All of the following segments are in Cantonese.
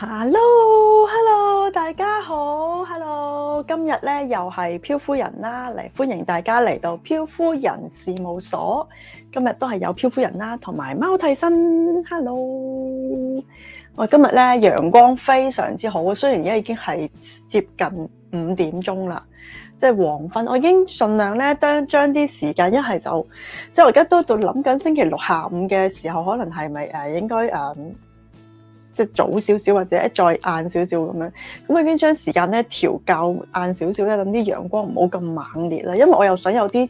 Hello，Hello，Hello，大家好，Hello，今日咧又係漂夫人啦，嚟歡迎大家嚟到漂夫人事務所。今日都係有漂夫人啦，同埋貓替身。Hello，我今日咧陽光非常之好，雖然而家已經係接近五點鐘啦，即係黃昏。我已經盡量咧當將啲時間一係就，即係我而家都喺度諗緊星期六下午嘅時候，可能係咪誒應該誒。呃即係早少少或者再晏少少咁樣，咁我已經將時間咧調較晏少少咧，等啲陽光唔好咁猛烈啦。因為我又想有啲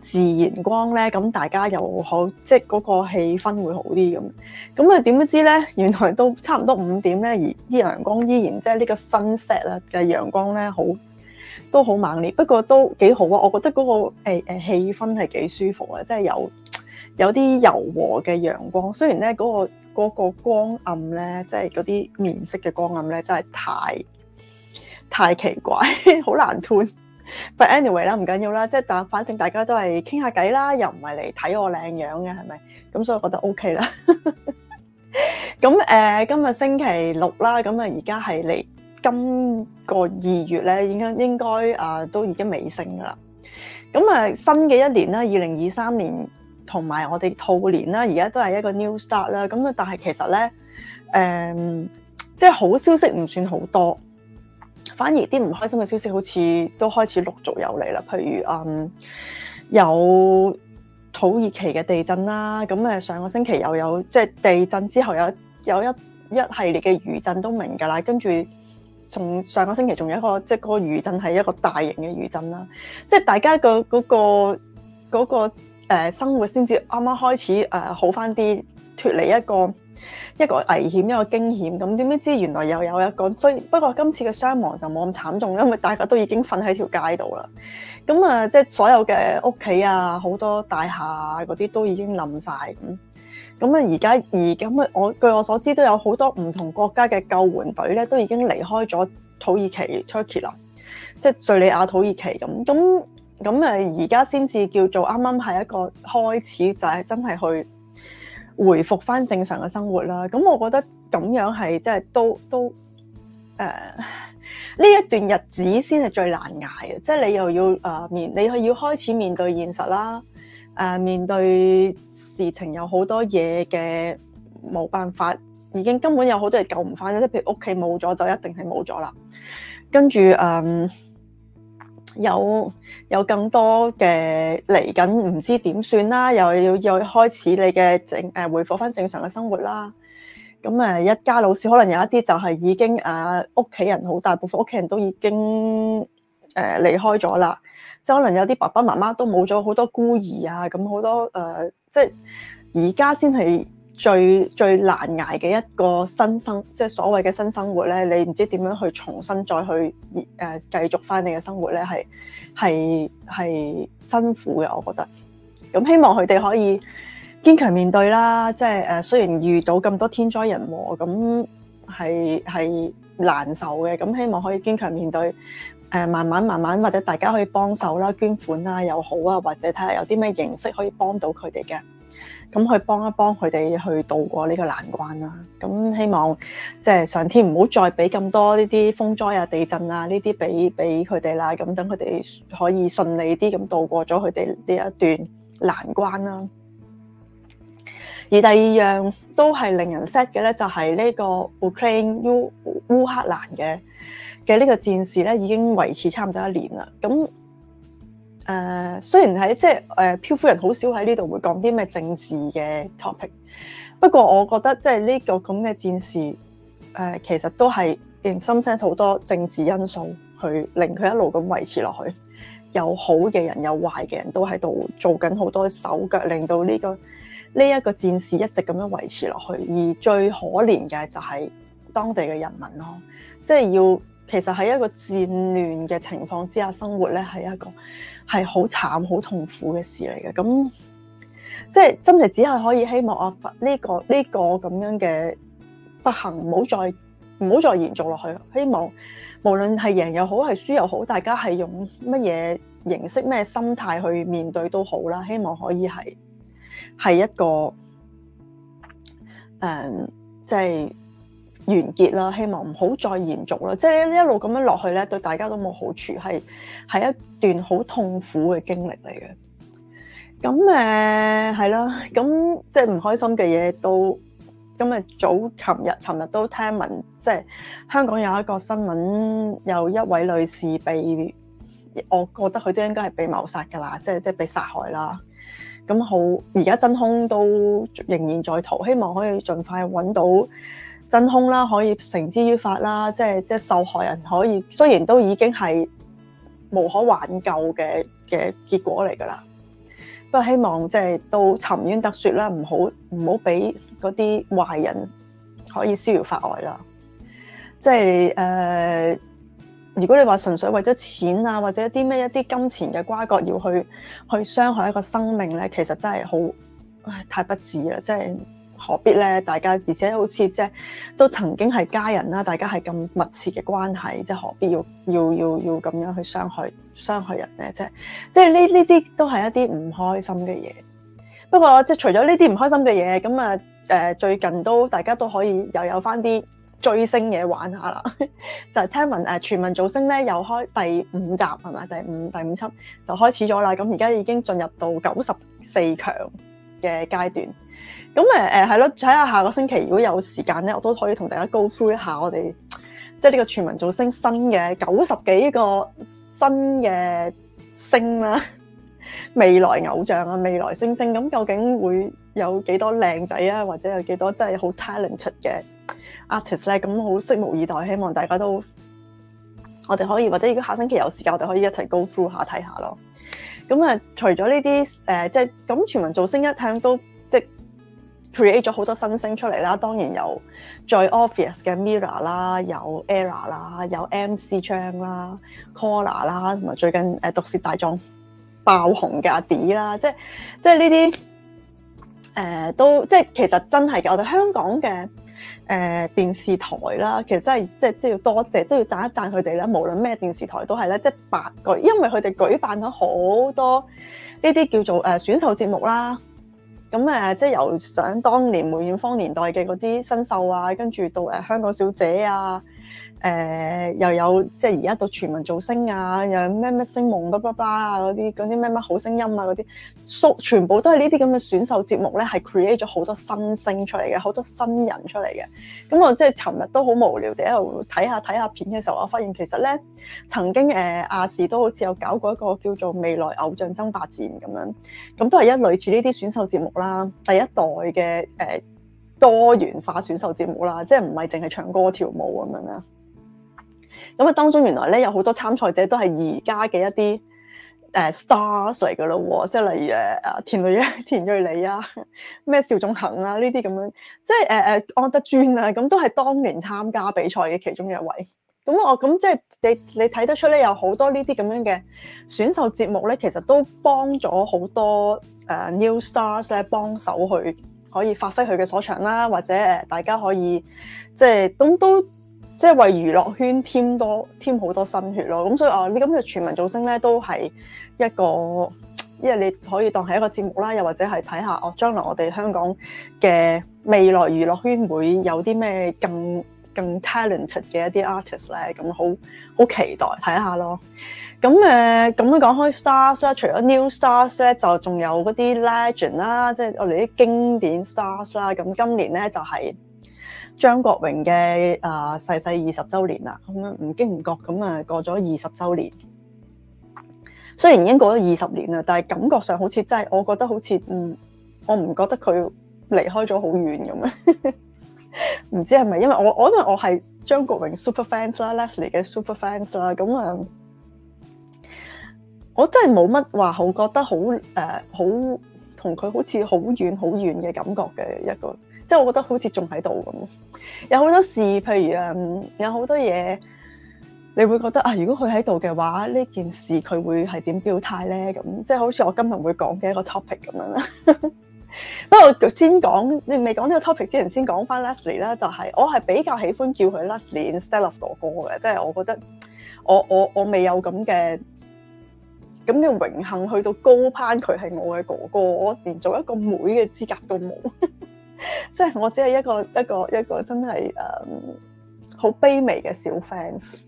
自然光咧，咁大家又好，即係嗰個氣氛會好啲咁。咁啊點都知咧，原來都差唔多五點咧，而啲陽光依然即係呢個新 set 啊嘅陽光咧，好都好猛烈，不過都幾好啊。我覺得嗰、那個誒誒、欸、氣氛係幾舒服啊，即係有。有啲柔和嘅陽光，雖然咧、嗰、嗰、個嗰個光暗咧，即係嗰啲面色嘅光暗咧，真係太太奇怪，好難斷。But anyway 啦，唔緊要啦，即係但反正大家都係傾下偈啦，又唔係嚟睇我靚樣嘅，係咪咁？所以我覺得 OK 啦。咁 誒、呃，今日星期六啦，咁啊而家係嚟今個二月咧，應應應該啊、呃、都已經尾聲噶啦。咁啊新嘅一年啦，二零二三年。同埋我哋兔年啦，而家都係一個 new start 啦。咁啊，但係其實咧，誒、嗯，即係好消息唔算好多，反而啲唔開心嘅消息好似都開始陸續有嚟啦。譬如啊、嗯，有土耳其嘅地震啦，咁誒上個星期又有即係地震之後有有一一系列嘅餘震都明噶啦。跟住從上個星期仲有一個，即係嗰個餘震係一個大型嘅餘震啦，即係大家個嗰個嗰個。嗰個嗰個誒，生活先至啱啱開始誒，好翻啲，脫離一個一個危險一個驚險。咁點知原來又有一個，所以不過今次嘅傷亡就冇咁慘重，因為大家都已經瞓喺條街度啦。咁啊，即係所有嘅屋企啊，好多大廈啊，嗰啲都已經冧晒咁。咁啊，而家而咁啊，我據我所知都有好多唔同國家嘅救援隊咧，都已經離開咗土耳其 Turkey 啦，即係敘利亞土耳其咁咁。咁誒，而家先至叫做啱啱係一個開始，就係、是、真係去回復翻正常嘅生活啦。咁我覺得咁樣係真係都都誒，呢、呃、一段日子先係最難捱嘅，即係你又要誒面、呃，你去要開始面對現實啦，誒、呃、面對事情有好多嘢嘅冇辦法，已經根本有好多嘢救唔翻。即係譬如屋企冇咗，就一定係冇咗啦。跟住誒。呃有有更多嘅嚟緊，唔知點算啦，又要又要開始你嘅正誒回復翻正常嘅生活啦。咁誒一家老少可能有一啲就係已經啊，屋企人好大部分屋企人都已經誒呃、離開咗啦，即係可能有啲爸爸媽媽都冇咗，好多孤兒啊，咁好多誒、呃，即係而家先係。最最難捱嘅一個新生，即係所謂嘅新生活咧，你唔知點樣去重新再去誒、呃、繼續翻你嘅生活咧，係係係辛苦嘅，我覺得。咁希望佢哋可以堅強面對啦，即係誒雖然遇到咁多天災人禍，咁係係難受嘅。咁希望可以堅強面對，誒、呃、慢慢慢慢，或者大家可以幫手啦、捐款啦、啊、又好啊，或者睇下有啲咩形式可以幫到佢哋嘅。咁去幫一幫佢哋去渡過呢個難關啦。咁希望即係上天唔好再俾咁多呢啲風災啊、地震啊呢啲俾俾佢哋啦。咁等佢哋可以順利啲咁渡過咗佢哋呢一段難關啦。而第二樣都係令人 sad 嘅咧，就係、是、呢個 Ukraine 烏烏克蘭嘅嘅呢個戰事咧，已經維持差唔多一年啦。咁誒、uh,，雖然喺即係誒，就是 uh, 漂夫人好少喺呢度會講啲咩政治嘅 topic。不過，我覺得即係呢個咁嘅戰事，誒、uh,，其實都係 in some sense 好多政治因素去令佢一路咁維持落去。有好嘅人，有壞嘅人都喺度做緊好多手腳，令到呢、這個呢一、這個戰事一直咁樣維持落去。而最可憐嘅就係當地嘅人民咯，即、就、係、是、要其實喺一個戰亂嘅情況之下生活咧，係一個。.係好慘好痛苦嘅事嚟嘅，咁即係真係只係可以希望啊、呢個，呢、呢個呢個咁樣嘅不幸唔好再唔好再延續落去。希望無論係贏又好係輸又好，大家係用乜嘢形式咩心態去面對都好啦。希望可以係係一個誒，即、嗯、係。即係完結啦，希望唔好再延續啦。即係一路咁樣落去咧，對大家都冇好處，係係一段好痛苦嘅經歷嚟嘅。咁誒係啦，咁即係唔開心嘅嘢。到今日早，琴日，琴日都聽聞，即係香港有一個新聞，有一位女士被，我覺得佢都應該係被謀殺噶啦，即係即係被殺害啦。咁好，而家真凶都仍然在逃，希望可以盡快揾到。真空啦，可以繩之於法啦，即係即係受害人可以，雖然都已經係無可挽救嘅嘅結果嚟噶啦。不過希望即係到沉冤得雪啦，唔好唔好俾嗰啲壞人可以逍遙法外啦。即係誒、呃，如果你話純粹為咗錢啊，或者一啲咩一啲金錢嘅瓜葛要去去傷害一個生命咧，其實真係好唉太不智啦，即係。何必咧？大家而且好似即係都曾經係家人啦，大家係咁密切嘅關係，即係何必要要要要咁樣去傷害傷害人咧？即係即係呢呢啲都係一啲唔開心嘅嘢。不過即係除咗呢啲唔開心嘅嘢，咁啊誒最近都大家都可以又有翻啲追星嘢玩下啦。就 聽聞誒全民造星咧又開第五集係咪？第五第五輯就開始咗啦。咁而家已經進入到九十四強嘅階段。咁誒誒係咯，睇下下個星期如果有時間咧，我都可以同大家 go through 一下我哋即係呢個全民造星新嘅九十幾個新嘅星啦，未來偶像啊，未來星星咁究竟會有幾多靚仔啊，或者有幾多真係好 talent 嘅 artist 咧？咁好拭目以待，希望大家都我哋可以或者如果下星期有時間，我哋可以一齊 go through 下睇下咯。咁啊，除咗呢啲誒，即係咁全民造星一向都。create 咗好多新星出嚟啦，當然有最 obvious 嘅 Mirror 啦，有 Era 啦，有 MC Chang 啦 Koala 啦，同埋最近誒毒舌大眾爆紅嘅阿 D 啦，即、呃、即係呢啲誒都即係其實真係嘅，我哋香港嘅誒、呃、電視台啦，其實真係即即要多謝都要讚一讚佢哋咧，無論咩電視台都係咧，即係八個，因為佢哋舉辦咗好多呢啲叫做誒、呃、選秀節目啦。咁誒，即由想當年梅艷芳年代嘅嗰啲新秀啊，跟住到誒香港小姐啊。誒、呃、又有即係而家到全民造星啊，又有咩咩星夢巴巴巴啊嗰啲，嗰啲咩咩好聲音啊嗰啲，全部都係呢啲咁嘅選秀節目咧，係 create 咗好多新星出嚟嘅，好多新人出嚟嘅。咁我即係尋日都好無聊地喺度睇下睇下片嘅時候，我發現其實咧，曾經誒亞視都好似有搞過一個叫做未來偶像爭霸戰咁樣，咁都係一類似呢啲選秀節目啦，第一代嘅誒、呃、多元化選秀節目啦，即係唔係淨係唱歌跳舞咁樣啊？咁啊，當中原來咧有好多參賽者都係而家嘅一啲誒、呃、stars 嚟嘅咯喎，即係例如誒誒田蕊、田蕊啊、田蕊妮啊、咩邵仲衡啊呢啲咁樣，即係誒誒安德尊啊，咁都係當年參加比賽嘅其中一位。咁我咁即係你你睇得出咧，有好多這些這呢啲咁樣嘅選秀節目咧，其實都幫咗好多誒、呃、new stars 咧，幫手去可以發揮佢嘅所長啦，或者誒大家可以即係咁都。即係為娛樂圈添多添好多新血咯，咁所以啊，呢咁嘅全民造星咧都係一個，因為你可以當係一個節目啦，又或者係睇下哦，將來我哋香港嘅未來娛樂圈會有啲咩更更 talented 嘅一啲 artist 咧，咁好好期待睇下咯。咁誒，咁樣講開 stars 啦，除咗 new stars 咧，就仲有嗰啲 legend 啦，即係我哋啲經典 stars 啦。咁今年咧就係。張國榮嘅，誒，逝世二十周年啦，咁樣唔經唔覺咁啊，過咗二十周年。雖然已經過咗二十年啦，但係感覺上好似真係，我覺得好似嗯，我唔覺得佢離開咗好遠咁啊。唔知係咪因為我，我，因為我係張國榮 super fans 啦 Leslie 嘅 super fans 啦，咁啊，我真係冇乜話好覺得、呃、好、誒，好同佢好似好遠好遠嘅感覺嘅一個。即係我覺得好似仲喺度咁，有好多事，譬如誒，有好多嘢，你會覺得啊，如果佢喺度嘅話，呢件事佢會係點表態咧？咁即係好似我今日會講嘅一個 topic 咁樣啦。 不過先講，你未講呢個 topic 之前，先講翻 Leslie 啦，就係、是、我係比較喜歡叫佢 Leslie instead of 哥哥嘅，即係我覺得我我我未有咁嘅咁嘅榮幸去到高攀佢係我嘅哥哥，我連做一個妹嘅資格都冇。 即係我只係一個一個一個真係誒好卑微嘅小 fans，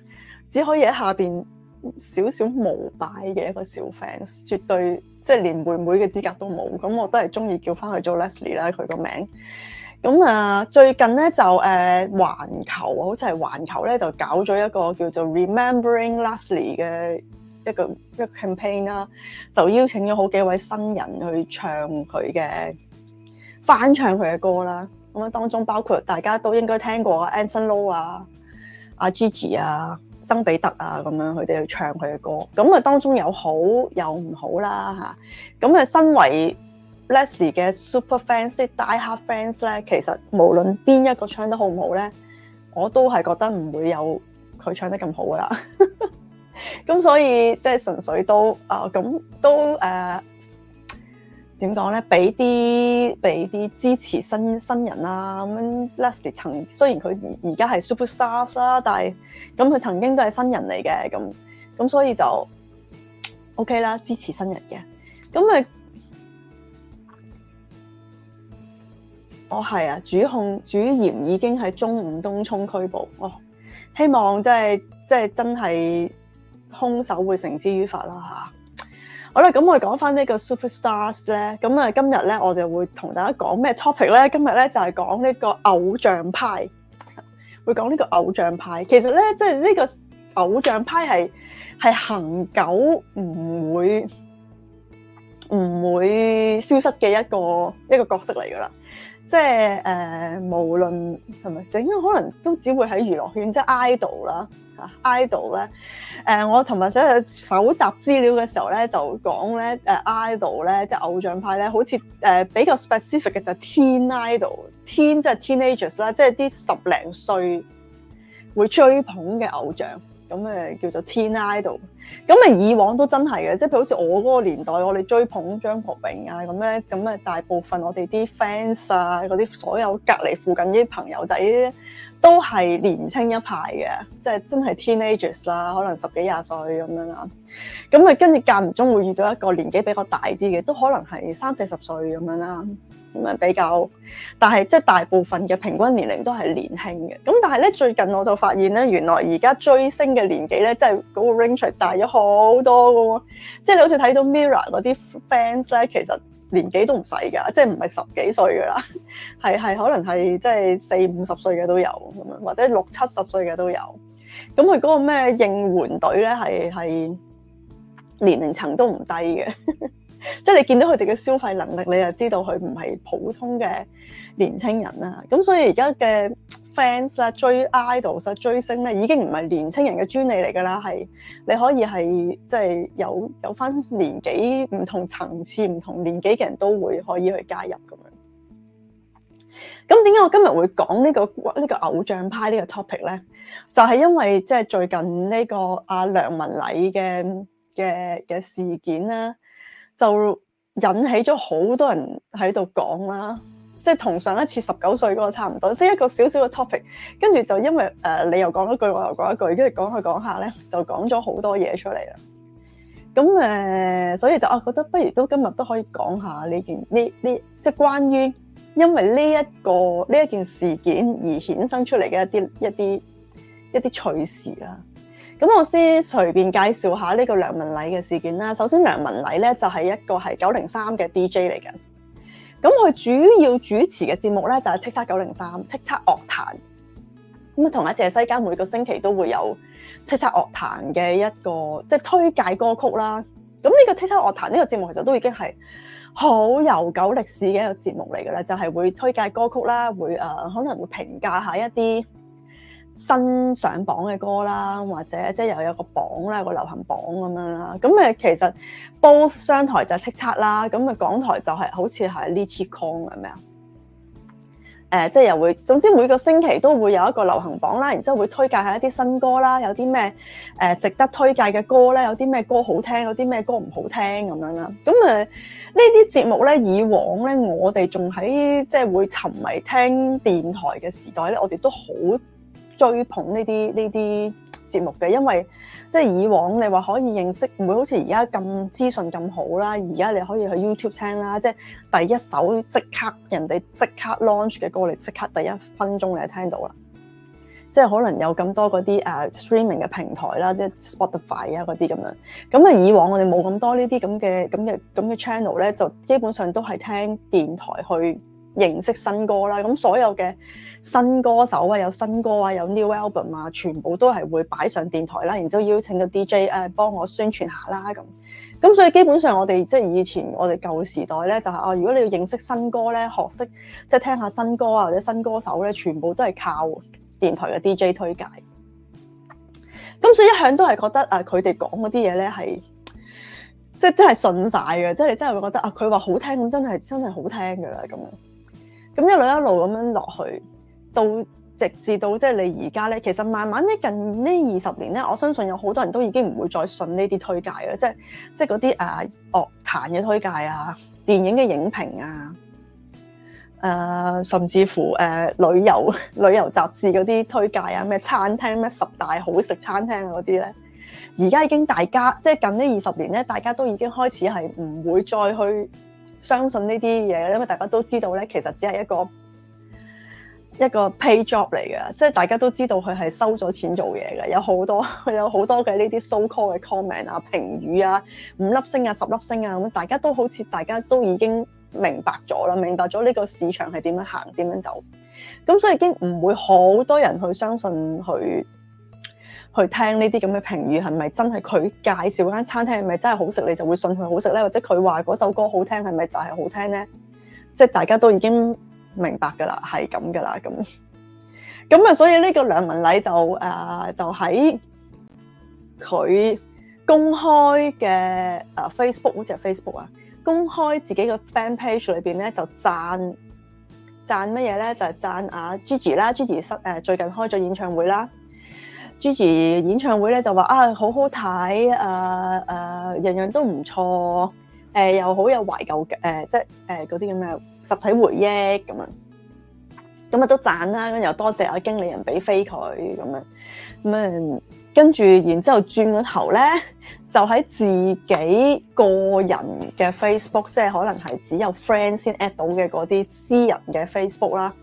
只可以喺下邊少少無擺嘅一個小 fans，絕對即係連妹妹嘅資格都冇。咁我都係中意叫翻去做 Leslie 啦，佢個名。咁啊，最近咧就誒環球，好似係環球咧就搞咗一個叫做 Remembering Leslie 嘅一個一個 campaign 啦，就邀請咗好幾位新人去唱佢嘅。翻唱佢嘅歌啦，咁樣當中包括大家都應該聽過阿 Anson Lo 啊、阿 Gigi 啊、曾比特啊，咁樣佢哋去唱佢嘅歌，咁啊當中有好有唔好啦嚇，咁啊身為 Leslie 嘅 super fans、die hard fans 咧，其實無論邊一個唱得好唔好咧，我都係覺得唔會有佢唱得咁好噶啦。咁 所以即係、就是、純粹都啊，咁、呃、都誒。呃點講咧？俾啲俾啲支持新新人啦、啊，咁 Leslie 曾雖然佢而家係 super stars 啦、啊，但係咁佢曾經都係新人嚟嘅，咁咁所以就 OK 啦，支持新人嘅。咁啊，哦，係啊，主控主嫌已經喺中午東涌拘捕，哦，希望即係真係真係兇手會繩之於法啦，吓。好啦，咁我哋講翻呢個 Superstars 咧，咁啊今日咧我哋會同大家講咩 topic 咧？今日咧就係講呢個偶像派，會講呢個偶像派。其實咧，即係呢個偶像派係係恆久唔會唔會消失嘅一個一個角色嚟噶啦。即係誒、呃，無論係咪整，可能都只會喺娛樂圈，即係 idol 啦 idol 咧誒，我同埋喺去搜集資料嘅時候咧，就講咧 idol 咧即係偶像派咧，好似誒、呃、比較 specific 嘅就係 teen idol，teen 即係 teenagers 啦，即係啲十零歲會追捧嘅偶像。咁誒叫做 teen idol，咁啊以往都真係嘅，即係譬如好似我嗰個年代，我哋追捧張國榮啊，咁咧，咁咧大部分我哋啲 fans 啊，嗰啲所有隔離附近啲朋友仔咧，都係年青一派嘅，即係真係 teenagers 啦，可能十幾廿歲咁樣啦。咁啊跟住間唔中會遇到一個年紀比較大啲嘅，都可能係三四十歲咁樣啦。咁樣比較，但係即係大部分嘅平均年齡都係年輕嘅。咁但係咧，最近我就發現咧，原來而家追星嘅年紀咧，即係嗰個 range 大咗好多嘅喎。即係你好似睇到 Mirror 嗰啲 fans 咧，其實年紀都唔細㗎，即係唔係十幾歲㗎啦。係係可能係即係四五十歲嘅都有咁樣，或者六七十歲嘅都有。咁佢嗰個咩應援隊咧，係係年齡層都唔低嘅。即係你見到佢哋嘅消費能力，你就知道佢唔係普通嘅年青人啦。咁所以而家嘅 fans 啦、追 idols 追星咧，已經唔係年青人嘅專利嚟噶啦，係你可以係即係有有翻年紀唔同層次、唔同年紀嘅人都會可以去加入咁樣。咁點解我今日會講呢、這個呢、這個偶像派呢個 topic 咧？就係、是、因為即係最近呢、這個阿、啊、梁文禮嘅嘅嘅事件啦。就引起咗好多人喺度講啦，即係同上一次十九歲嗰個差唔多，即係一個小小嘅 topic，跟住就因為誒你又講一句，我又講一句，跟住講下講下咧，就講咗好多嘢出嚟啦。咁誒，所以就我覺得不如都今日都可以講下呢件呢呢，即係關於因為呢一個呢一件事件而衍生出嚟嘅一啲一啲一啲趣事啦。咁我先隨便介紹下呢個梁文禮嘅事件啦。首先，梁文禮咧就係、是、一個係九零三嘅 DJ 嚟嘅。咁佢主要主持嘅節目咧就係叱咤九零三、叱咤樂壇。咁啊，同一隻西街每個星期都會有叱咤樂壇嘅一個即係、就是、推介歌曲啦。咁呢個叱咤樂壇呢個節目其實都已經係好悠久歷史嘅一個節目嚟嘅啦。就係、是、會推介歌曲啦，會誒、呃、可能會評價下一啲。新上榜嘅歌啦，或者即係又有一個榜啦，有一個流行榜咁樣啦。咁誒，其實 both 商台就叱咤啦，咁誒港台就係好似係呢次 con 係咪啊？即係又會總之每個星期都會有一個流行榜啦，然之後會推介下一啲新歌啦，有啲咩誒值得推介嘅歌咧，有啲咩歌好聽，有啲咩歌唔好聽咁樣啦。咁誒呢啲節目咧，以往咧我哋仲喺即係會沉迷聽電台嘅時代咧，我哋都好追捧呢啲呢啲節目嘅，因為即係以往你話可以認識，唔會好似而家咁資訊咁好啦。而家你可以去 YouTube 聽啦，即係第一首即刻人哋即刻 launch 嘅歌，你即刻第一分鐘你就聽到啦。即係可能有咁多嗰啲啊 streaming 嘅平台啦，即係 Spotify 啊嗰啲咁樣。咁啊以往我哋冇咁多這些這這這呢啲咁嘅咁嘅咁嘅 channel 咧，就基本上都係聽電台去。認識新歌啦，咁所有嘅新歌手啊，有新歌啊，有 new album 啊，全部都係會擺上電台啦，然之後邀請個 DJ 誒幫我宣傳下啦咁。咁所以基本上我哋即係以前我哋舊時代咧，就係啊，如果你要認識新歌咧，學識即係聽下新歌啊或者新歌手咧，全部都係靠電台嘅 DJ 推介。咁所以一向都係覺得啊，佢哋講嗰啲嘢咧係即係真係信晒嘅，即係你真係會覺得啊，佢話好聽咁，真係真係好聽噶啦咁樣。咁一路一路咁樣落去，到直至到即係你而家咧，其實慢慢近這呢近呢二十年咧，我相信有好多人都已經唔會再信呢啲推介啦，即係即係嗰啲啊樂壇嘅推介啊、電影嘅影評啊，誒、啊、甚至乎誒、啊、旅遊旅遊雜誌嗰啲推介啊，咩餐廳咩十大好食餐廳嗰啲咧，而家已經大家即係近這呢二十年咧，大家都已經開始係唔會再去相信呢啲嘢，因為大家都知道咧，其實只係一個一個 pay job 嚟嘅，即係大家都知道佢係收咗錢做嘢嘅，有好多有好多嘅呢啲 so call 嘅 comment 啊、評語啊、五粒星啊、十粒星啊，咁大家都好似大家都已經明白咗啦，明白咗呢個市場係點樣行、點樣走，咁所以已經唔會好多人去相信佢。去聽呢啲咁嘅評語，係咪真係佢介紹間餐廳係咪真係好食，你就會信佢好食咧？或者佢話嗰首歌好聽，係咪就係好聽咧？即係大家都已經明白㗎喇，係咁㗎喇，咁咁啊，所以呢個梁文禮就誒、呃，就喺佢公開嘅啊、呃、Facebook，好似係 Facebook 啊，公開自己個 fan page 裏邊咧，就讚讚乜嘢咧？就係、是、讚啊 Gigi 啦，Gigi 失、啊、誒最近開咗演唱會啦。Gigi 演唱會咧，就話啊，好好睇啊，啊樣樣都唔錯，誒又好有懷舊，誒即誒嗰啲咁嘅實體回憶，咁啊，咁啊都讚啦，咁又多謝阿、啊、經理人俾飛佢，咁樣，咁啊，跟住然之後轉頭咧，就喺自己個人嘅 Facebook，即係可能係只有 friend 先 at 到嘅嗰啲私人嘅 Facebook 啦。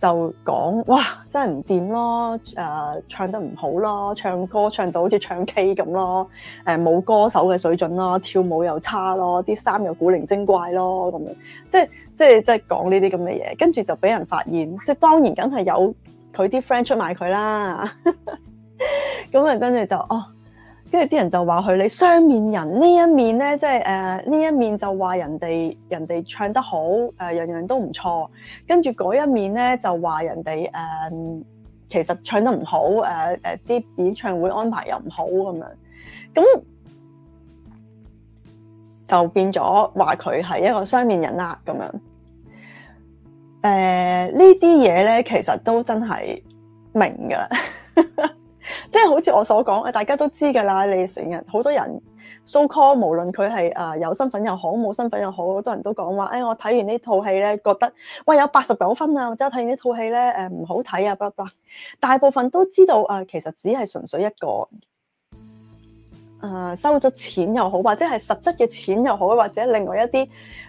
就講哇，真係唔掂咯，誒、呃、唱得唔好咯，唱歌唱到好似唱 K 咁咯，誒、呃、冇歌手嘅水準咯，跳舞又差咯，啲衫又古靈精怪咯，咁樣即係即係即係講呢啲咁嘅嘢，跟住就俾人發現，即係當然梗係有佢啲 friend 出賣佢啦，咁啊跟住就，就哦。跟住啲人就話佢，你雙面人呢一面咧，即係誒呢一面就話人哋人哋唱得好，誒、呃、樣樣都唔錯。跟住嗰一面咧就話人哋誒、呃、其實唱得唔好，誒誒啲演唱會安排又唔好咁樣。咁就變咗話佢係一個雙面人啦咁樣。誒、呃、呢啲嘢咧，其實都真係明㗎啦。呵呵。即係好似我所講，誒，大家都知噶啦，你成日好多人 so call，無論佢係誒有身份又好，冇身份又好，好多人都講話，誒、哎，我睇完呢套戲咧，覺得，喂，有八十九分啊，或者睇完呢套戲咧，誒，唔好睇啊，blah blah。大部分都知道，誒，其實只係純粹一個，誒、呃，收咗錢又好，或者係實質嘅錢又好，或者另外一啲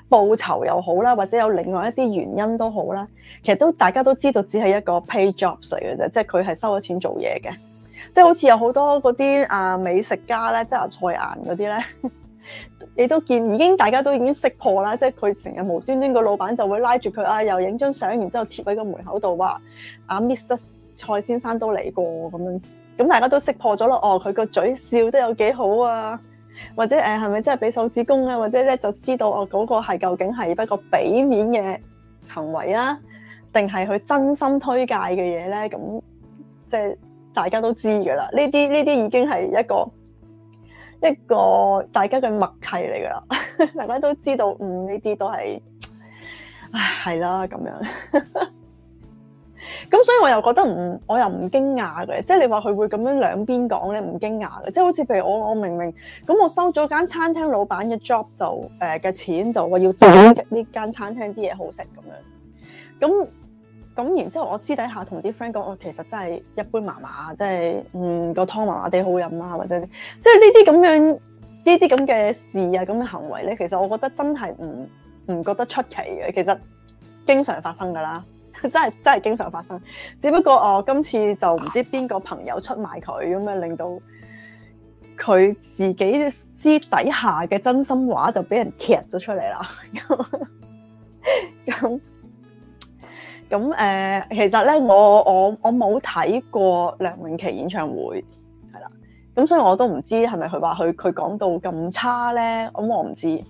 報酬又好啦，或者有另外一啲原因都好啦，其實都大家都知道，只係一個 pay jobs 嚟嘅啫，即係佢係收咗錢做嘢嘅。即係好似有好多嗰啲啊美食家咧，即阿蔡瀾嗰啲咧，你都見已經大家都已經識破啦。即係佢成日無端端個老闆就會拉住佢啊，又影張相，然之後貼喺個門口度，話啊 Mr 蔡先生都嚟過咁樣。咁大家都識破咗咯。哦，佢個嘴笑得有幾好啊？或者誒，係、呃、咪真係俾手指公啊？或者咧就知道哦，嗰、嗰個係究竟係一個俾面嘅行為啊，定係佢真心推介嘅嘢咧？咁即係。大家都知噶啦，呢啲呢啲已經係一個一個大家嘅默契嚟噶啦，大家都知道，嗯，呢啲都係係啦咁樣。咁所以我又覺得唔，我又唔驚訝嘅，即係你話佢會咁樣兩邊講咧，唔驚訝嘅，即係好似譬如我我明明咁，我收咗間餐廳老闆嘅 job 就誒嘅、呃、錢，就我要整呢間餐廳啲嘢好食咁樣，咁。咁然之後，我私底下同啲 friend 講，我其實真係一般麻麻，即係嗯個湯麻麻地好飲啦，或者即係呢啲咁樣呢啲咁嘅事啊，咁嘅行為咧，其實我覺得真係唔唔覺得出奇嘅，其實經常發生噶啦，真係真係經常發生。只不過我今次就唔知邊個朋友出賣佢咁樣，令到佢自己私底下嘅真心話就俾人踢咗出嚟啦。咁、嗯嗯嗯嗯咁誒、呃，其實咧，我我我冇睇過梁詠琪演唱會，係啦，咁所以我都唔知係咪佢話佢佢講到咁差咧，咁我唔知。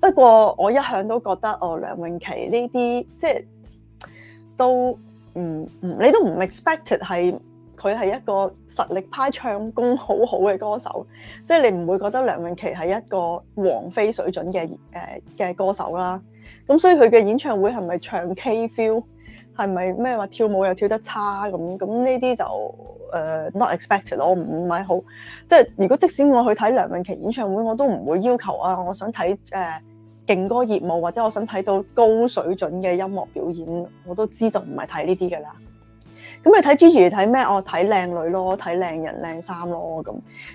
不過我一向都覺得哦、呃，梁詠琪呢啲即係都唔唔、嗯，你都唔 expected 係佢係一個實力派唱功好好嘅歌手，即係你唔會覺得梁詠琪係一個王菲水準嘅誒嘅歌手啦。咁所以佢嘅演唱會係咪唱 K feel 係咪咩話跳舞又跳得差咁咁呢啲就誒、uh, not expected 咯，唔係好即係。如果即使我去睇梁詠琪演唱會，我都唔會要求啊，我想睇誒勁歌熱舞，或者我想睇到高水準嘅音樂表演，我都知道唔係睇呢啲㗎喇。咁你睇 Gigi 睇咩？我睇靚女咯，睇靚人靚衫咯咁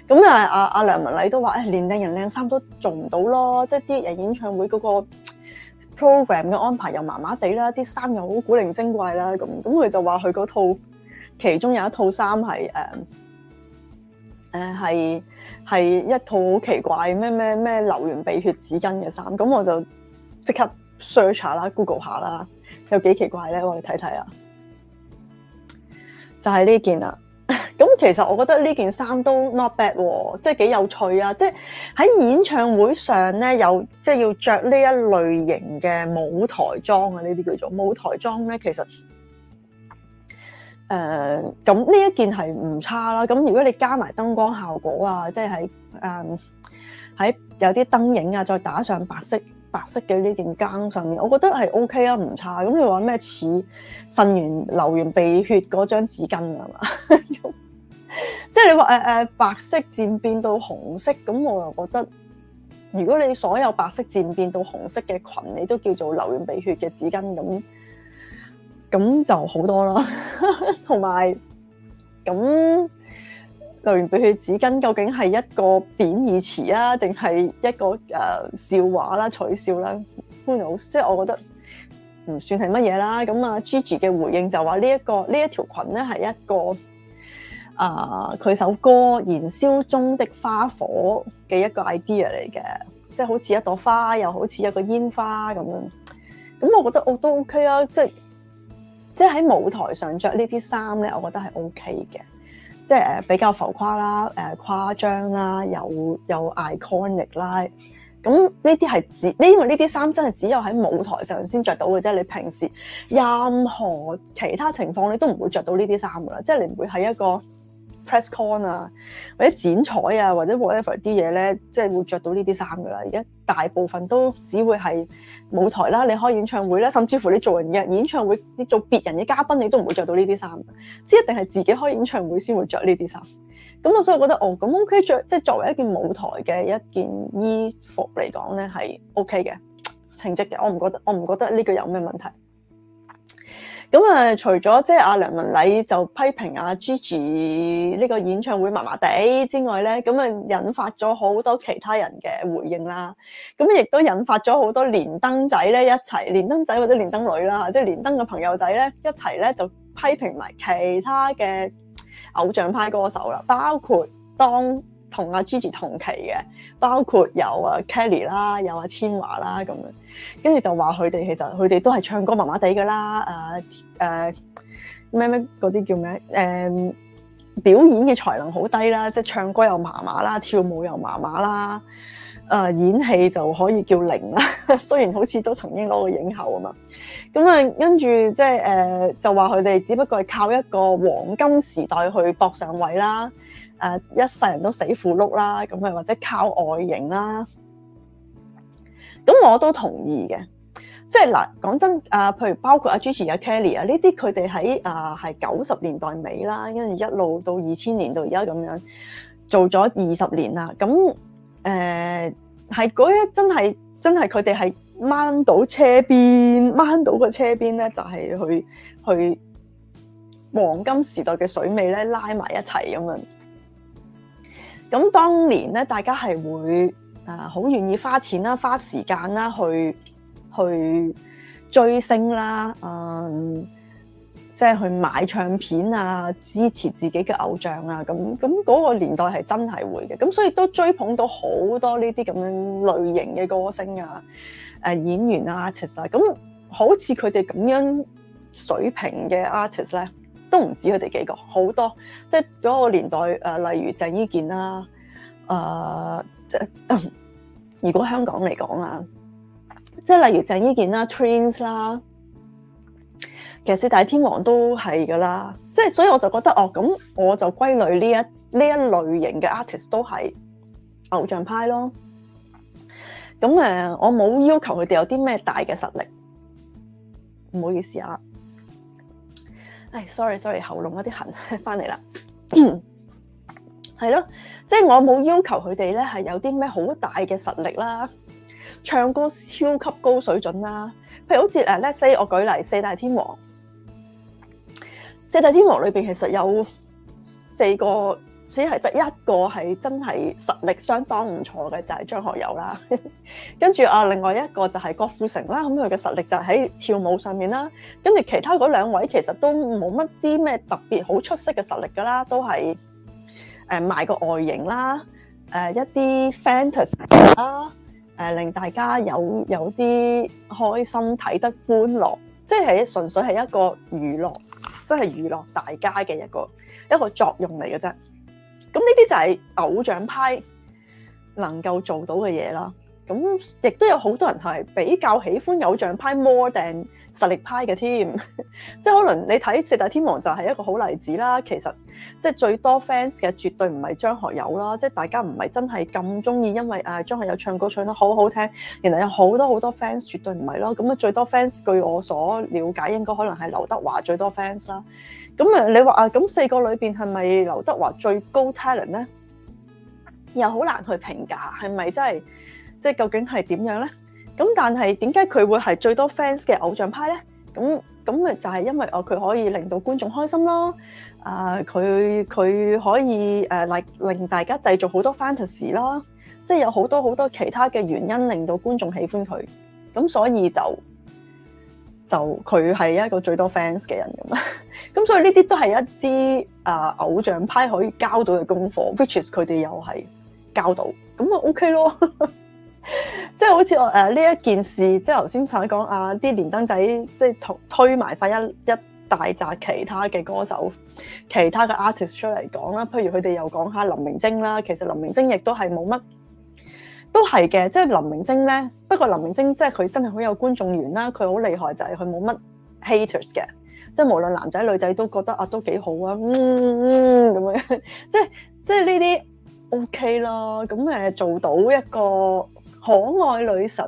咁啊。阿、啊、阿梁文禮都話：，誒、哎、連靚人靚衫都做唔到咯，即係啲人演唱會嗰、那個。program 嘅安排又麻麻地啦，啲衫又好古靈精怪啦，咁咁佢就話佢嗰套其中有一套衫係誒誒係係一套好奇怪咩咩咩流完鼻血紙巾嘅衫，咁我就即刻 search 啦，Google 下啦，有幾奇怪咧，我哋睇睇啊，就係呢件啦。咁其實我覺得呢件衫都 not bad 喎，即係幾有趣啊！即係喺演唱會上咧，有即係、就是、要着呢一類型嘅舞台裝啊！呢啲叫做舞台裝咧，其實誒咁呢一件係唔差啦。咁如果你加埋燈光效果啊，即係喺誒喺有啲燈影啊，再打上白色白色嘅呢件更上面，我覺得係 OK 啦、啊，唔差。咁你話咩似腎完流完鼻血嗰張紙巾啊？係嘛？ 即係你話誒誒白色漸變到紅色，咁我又覺得，如果你所有白色漸變到紅色嘅裙，你都叫做流完鼻血嘅紙巾咁，咁就好多啦。同埋咁流完鼻血紙巾究竟係一個貶義詞啊，定係一個誒、呃、笑話啦、啊、取笑啦、啊嗯？即係我覺得唔算係乜嘢啦。咁阿 Gigi 嘅回應就話、這個這個、呢是一個呢一條裙咧係一個。啊！佢首歌《燃燒中的花火》嘅一個 idea 嚟嘅，即係好似一朵花，又好似一個煙花咁樣。咁我覺得我都 OK 啊！即係即係喺舞台上着呢啲衫咧，我覺得係 OK 嘅。即係比較浮誇啦，誒誇張啦，有又 iconic 啦。咁呢啲係只，因為呢啲衫真係只有喺舞台上先着到嘅啫。係你平時任何其他情況你都唔會着到呢啲衫噶啦。即係你唔會喺一個 press con 啊，或者剪彩啊，或者 whatever 啲嘢咧，即係會着到呢啲衫噶啦。而家大部分都只會係舞台啦，你開演唱會啦，甚至乎你做人嘅演唱會，你做別人嘅嘉賓，你都唔會着到呢啲衫。即係一定係自己開演唱會先會着呢啲衫。咁，我所以我覺得哦，咁 OK 著，即係作為一件舞台嘅一件衣服嚟講咧，係 OK 嘅成績嘅。我唔覺得，我唔覺得呢個有咩問題。咁啊，除咗即係阿梁文禮就批評阿 Gigi 呢個演唱會麻麻地之外咧，咁啊引發咗好多其他人嘅回應啦。咁亦都引發咗好多連登仔咧一齊，連登仔或者連登女啦，即係連登嘅朋友仔咧一齊咧就批評埋其他嘅偶像派歌手啦，包括當，同阿 Gigi 同期嘅，包括有啊 Kelly 啦，有阿千嬅啦咁樣，跟住就話佢哋其實佢哋都係唱歌麻麻地噶啦，咩咩嗰啲叫咩、啊、表演嘅才能好低啦，即、係、唱歌又麻麻啦，跳舞又麻麻啦，演戲就可以叫零啦，雖然好似都曾經攞過影后啊嘛，咁啊跟住即係就話佢哋只不過係靠一個黃金時代去搏上位啦。誒、啊、一世人，都死富碌啦，咁啊，或者靠外形啦，咁我都同意嘅。即係嗱，講真，誒、啊，譬如包括阿 Gigi、阿 Kelly 啊，呢啲佢哋喺誒係九十年代尾啦，跟住一路到二千年到而家咁樣做咗二十年啦。咁誒係嗰一真係真係佢哋係掹到車邊掹到個車邊咧，就係、是、去去黃金時代嘅水尾咧，拉埋一齊咁樣。咁當年咧，大家係會啊，好願意花錢啦、花時間啦，去去追星啦，啊，即係去買唱片啊，支持自己嘅偶像啊，咁咁嗰個年代係真係會嘅。咁所以都追捧到好多呢啲咁樣類型嘅歌星啊、誒演員啊、artist 啊。咁好似佢哋咁樣水平嘅 artist 咧？都唔止佢哋幾個，好多即係嗰個年代誒、呃，例如鄭伊健啦，誒、呃，即係如果香港嚟講啊，即係例如鄭伊健啦、Twins 啦，其實四大天王都係噶啦，即係所以我就覺得哦，咁我就歸類呢一呢一類型嘅 artist 都係偶像派咯。咁誒，我冇要求佢哋有啲咩大嘅實力，唔好意思啊。誒，sorry，sorry，喉嚨有啲痕，翻嚟啦。係咯，即 係我冇要求佢哋咧係有啲咩好大嘅實力啦，唱歌超級高水準啦。譬如好似誒，let's say 我舉例四大天王，四大天王裏邊其實有四個。所以係得一個係真係實力相當唔錯嘅，就係、是、張學友啦。跟 住啊，另外一個就係郭富城啦。咁佢嘅實力就喺跳舞上面啦。跟住其他嗰兩位其實都冇乜啲咩特別好出色嘅實力噶啦，都係誒、呃、賣個外形啦，誒、呃、一啲 fantasy 啦，誒、呃、令大家有有啲開心睇得歡樂，即係純粹係一個娛樂，真係娛樂大家嘅一個一個作用嚟嘅啫。咁呢啲就係偶像派能夠做到嘅嘢啦。咁亦都有好多人係比較喜歡偶像派 more than 實力派嘅添，即係可能你睇四大天王就係一個好例子啦。其實即係最多 fans 嘅絕對唔係張學友啦，即係大家唔係真係咁鍾意，因為啊張學友唱歌唱得好好聽，然後有好多好多 fans，絕對唔係咯。咁啊最多 fans 據我所了解，應該可能係劉德華最多 fans 啦。咁啊你話啊咁四個裏邊係咪劉德華最高 talent 呢？又好難去評價係咪真係？即究竟係點樣咧？咁但係點解佢會係最多 fans 嘅偶像派咧？咁咁啊就係因為哦佢可以令到觀眾開心咯。啊佢佢可以誒令、uh, 令大家製造好多 fantasy 咯。即、就、係、是、有好多好多其他嘅原因令到觀眾喜歡佢。咁所以就就佢係一個最多 fans 嘅人咁啊。咁 所以呢啲都係一啲啊、uh, 偶像派可以交到嘅功課 Witches 佢哋又係交到，咁啊 OK 咯。 即係好似我誒呢、啊、一件事，即係頭先想講啊啲連登仔，即係推埋晒一一大紮其他嘅歌手、其他嘅 artist 嚟講啦。譬如佢哋又講下林明晶啦，其實林明晶亦都係冇乜，都係嘅。即係林明晶咧，不過林明晶即係佢真係好有觀眾緣啦，佢好厲害就係佢冇乜 haters 嘅，即係無論男仔女仔都覺得啊都幾好啊，嗯咁、嗯、樣，即係即係呢啲 OK 咯。咁誒做到一個。可愛女神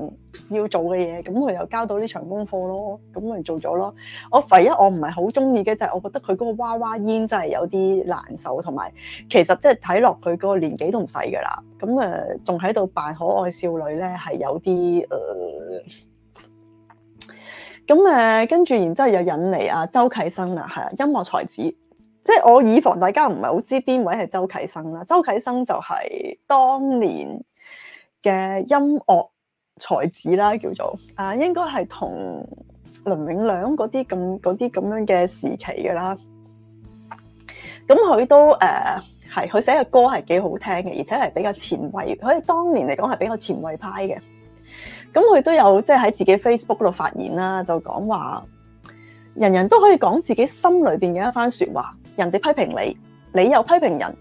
要做嘅嘢，咁佢又交到呢場功課咯，咁佢做咗咯。我唯一我唔係好中意嘅就係、是，我覺得佢嗰個娃娃音真係有啲難受，同埋其實即係睇落佢嗰個年紀都唔細噶啦，咁誒仲喺度扮可愛少女咧，係有啲誒。咁、呃、誒，跟住然之後又引嚟阿、啊、周啟生啦，係啊，音樂才子。即係我以防大家唔係好知邊位係周啟生啦，周啟生就係當年。嘅音樂才子啦，叫做啊，應該係同倫永亮嗰啲咁嗰啲咁樣嘅時期嘅啦。咁佢都誒，係佢寫嘅歌係幾好聽嘅，而且係比較前衛，佢當年嚟講係比較前衛派嘅。咁佢都有即係喺自己 Facebook 度發言啦，就講話人人都可以講自己心裏邊嘅一番說話，人哋批評你，你又批評人。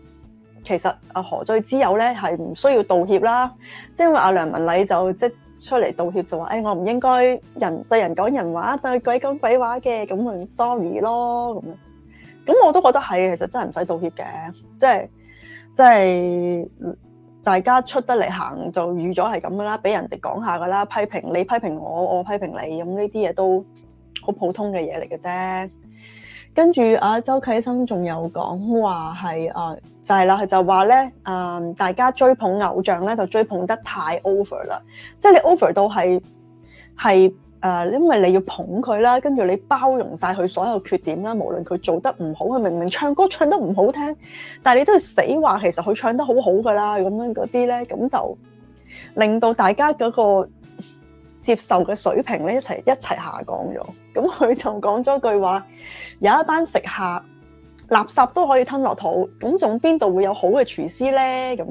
其實阿何罪之有咧？係唔需要道歉啦。即係因為阿梁文禮就即出嚟道歉就話，誒、哎，我唔應該人對人講人話，對鬼講鬼話嘅，咁咪 sorry 咯。咁樣咁我都覺得係，其實真係唔使道歉嘅。即係即係大家出得嚟行就預咗係咁噶啦，俾人哋講下噶啦，批評你批評我，我批評你，咁呢啲嘢都好普通嘅嘢嚟嘅啫。跟住阿周啟生仲有講話係誒。就係啦，佢就話咧，誒、呃，大家追捧偶像咧，就追捧得太 over 啦，即係你 over 到係係誒，因為你要捧佢啦，跟住你包容晒佢所有缺點啦，無論佢做得唔好，佢明明唱歌唱得唔好聽，但係你都要死話其實佢唱得好好噶啦，咁樣嗰啲咧，咁就令到大家嗰個接受嘅水平咧一齊一齊下降咗。咁佢就講咗句話，有一班食客，垃圾都可以吞落肚，咁仲邊度會有好嘅廚師咧？咁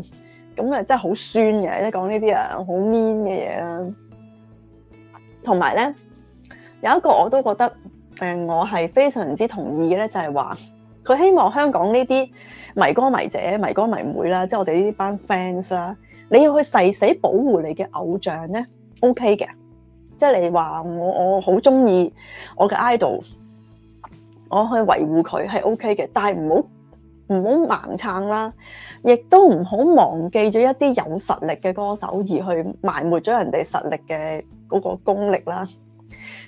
咁啊，真係好酸嘅，即係講呢啲啊好 mean 嘅嘢啦。同埋咧，有一個我都覺得，呃、我係非常之同意嘅咧，就係話佢希望香港呢啲迷哥迷姐、迷哥迷妹啦，即係我哋呢班 fans 啦，你要去誓死保護你嘅偶像咧，OK 嘅，即係你話我我好中意我嘅 idol。我去維護佢係 OK 嘅，但係唔好唔好盲撐啦，亦都唔好忘記咗一啲有實力嘅歌手，而去埋沒咗人哋實力嘅嗰個功力啦。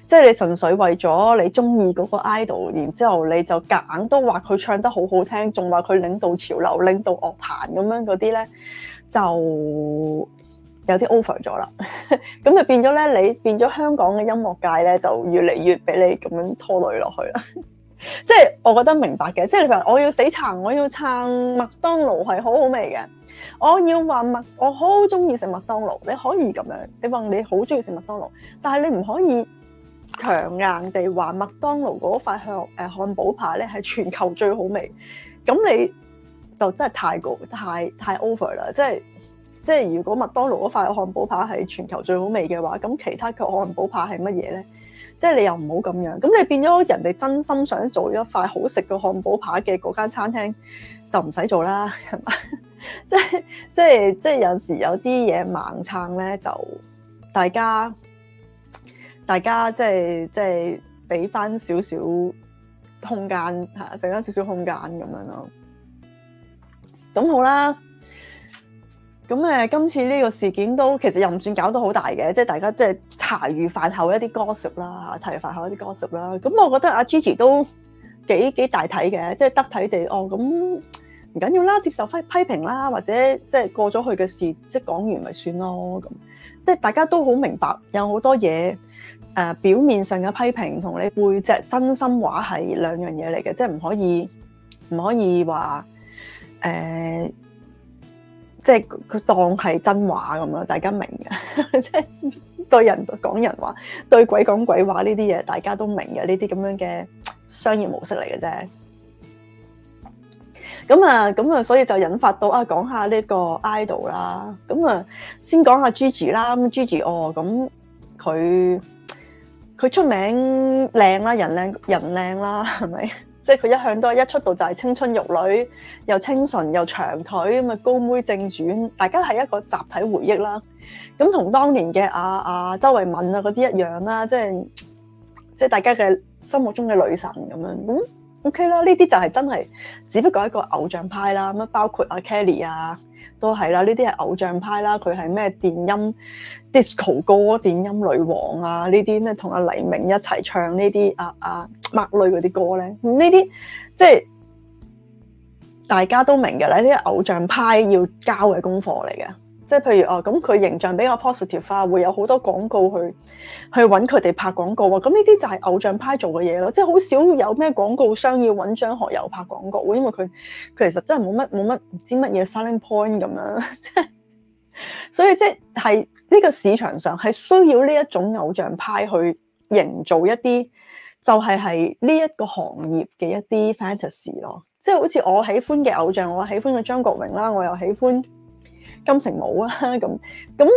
即係你純粹為咗你中意嗰個 idol，然之後你就夾硬都話佢唱得好好聽，仲話佢領導潮流、領導樂壇咁樣嗰啲咧，就有啲 over 咗啦。咁 就變咗咧，你變咗香港嘅音樂界咧，就越嚟越俾你咁樣拖累落去啦。即係我覺得明白嘅，即係你譬如，我要死撐，我要撐麥當勞係好好味嘅，我要話麥，我好中意食麥當勞。你可以咁樣，你話你好中意食麥當勞，但係你唔可以強硬地話麥當勞嗰塊漢誒、呃、漢堡扒咧係全球最好味。咁你就真係太過太太 over 啦！即係即係如果麥當勞嗰塊漢堡扒係全球最好味嘅話，咁其他嘅漢堡扒係乜嘢咧？即係你又唔好咁樣，咁你變咗人哋真心想做一塊好食嘅漢堡扒嘅嗰間餐廳就唔使做啦，係嘛？ 即係即係即係有時有啲嘢盲撐咧，就大家大家即係即係俾翻少少空間吓，俾翻少少空間咁樣咯。咁好啦。咁誒，今次呢個事件都其實又唔算搞到好大嘅，即係大家即係茶餘飯後一啲 gossip 啦，茶餘飯後一啲 gossip 啦。咁我覺得阿 Gigi 都幾幾大體嘅，即係得體地哦，咁唔緊要啦，接受批批評啦，或者即係過咗去嘅事，即係講完咪算咯。咁即係大家都好明白，有好多嘢誒、呃、表面上嘅批評同你背脊真心話係兩樣嘢嚟嘅，即係唔可以唔可以話誒。呃即係佢當係真話咁樣，大家明嘅。即 係對人講人話，對鬼講鬼話呢啲嘢，大家都明嘅。呢啲咁樣嘅商業模式嚟嘅啫。咁啊，咁啊，所以就引發到啊，講下呢個 idol 啦。咁啊，先講下 Gigi 啦。咁 Gigi 哦，咁佢佢出名靚啦，人靚人靚啦，係咪？即係佢一向都係一出道就係青春玉女，又清純又長腿咁啊，高妹正傳，大家係一個集體回憶啦。咁同當年嘅啊啊周慧敏啊嗰啲一樣啦，即係即係大家嘅心目中嘅女神咁樣咁。嗯 O K 啦，呢啲就係真係，只不過係一個偶像派啦。咁包括阿 Kelly 啊，都係啦。呢啲係偶像派啦，佢係咩電音 disco 歌、電音女王啊，呢啲咩同阿黎明一齊唱、啊啊、呢啲啊啊麥類嗰啲歌咧。咁呢啲即係大家都明嘅咧，呢啲偶像派要交嘅功課嚟嘅。即係譬如哦，咁佢形象比較 positive 化，會有好多廣告去去揾佢哋拍廣告喎。咁呢啲就係偶像派做嘅嘢咯。即係好少有咩廣告商要揾張學友拍廣告，因為佢佢其實真係冇乜冇乜唔知乜嘢 selling point 咁樣。即 所以即係呢個市場上係需要呢一種偶像派去營造一啲就係係呢一個行業嘅一啲 fantasy 咯。即係好似我喜歡嘅偶像，我喜歡嘅張國榮啦，我又喜歡。金城武啊，咁咁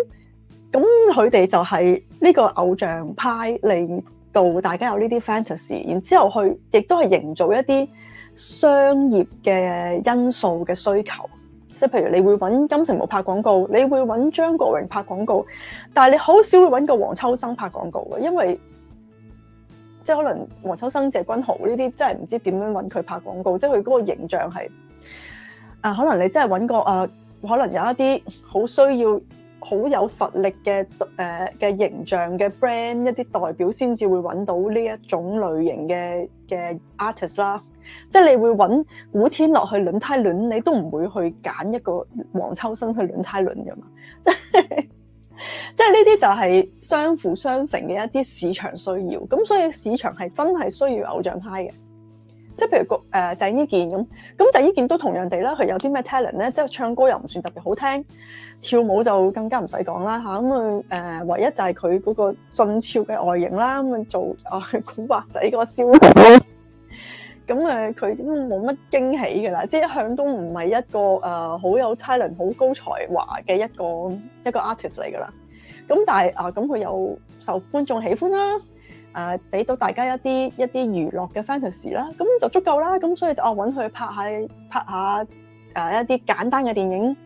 咁佢哋就係呢個偶像派嚟到，大家有呢啲 fantasy，然之後佢亦都係營造一啲商業嘅因素嘅需求，即係譬如你會揾金城武拍廣告，你會揾張國榮拍廣告，但係你好少會揾個黃秋生拍廣告嘅，因為即係可能黃秋生、謝君豪呢啲真係唔知點樣揾佢拍廣告，即係佢嗰個形象係啊，可能你真係揾個誒。啊可能有一啲好需要、好有實力嘅嘅、呃、形象嘅 brand，一啲代表先至會揾到呢一種類型嘅嘅 artist 啦。即係你會揾古天樂去輪胎輪，你都唔會去揀一個黃秋生去輪胎輪㗎嘛。 即係即係呢啲就係相輔相成嘅一啲市場需要。咁所以市場係真係需要偶像派嘅。即係譬如個誒鄭伊健咁，咁鄭伊健都同樣地啦，佢有啲咩 talent 咧？即係唱歌又唔算特別好聽，跳舞就更加唔使講啦吓。咁啊，誒，唯一就係佢嗰個俊俏嘅外形啦。咁啊做啊古惑仔個笑料，咁佢都冇乜驚喜噶啦。即係一向都唔係一個誒好、呃、有 talent、好高才華嘅一個一個 artist 嚟噶啦。咁但係啊，咁佢又受觀眾喜歡啦。啊！俾到大家一啲一啲娛樂嘅 fantasy 啦，咁就足夠啦。咁所以就我揾佢拍下拍下，誒一啲簡單嘅電影，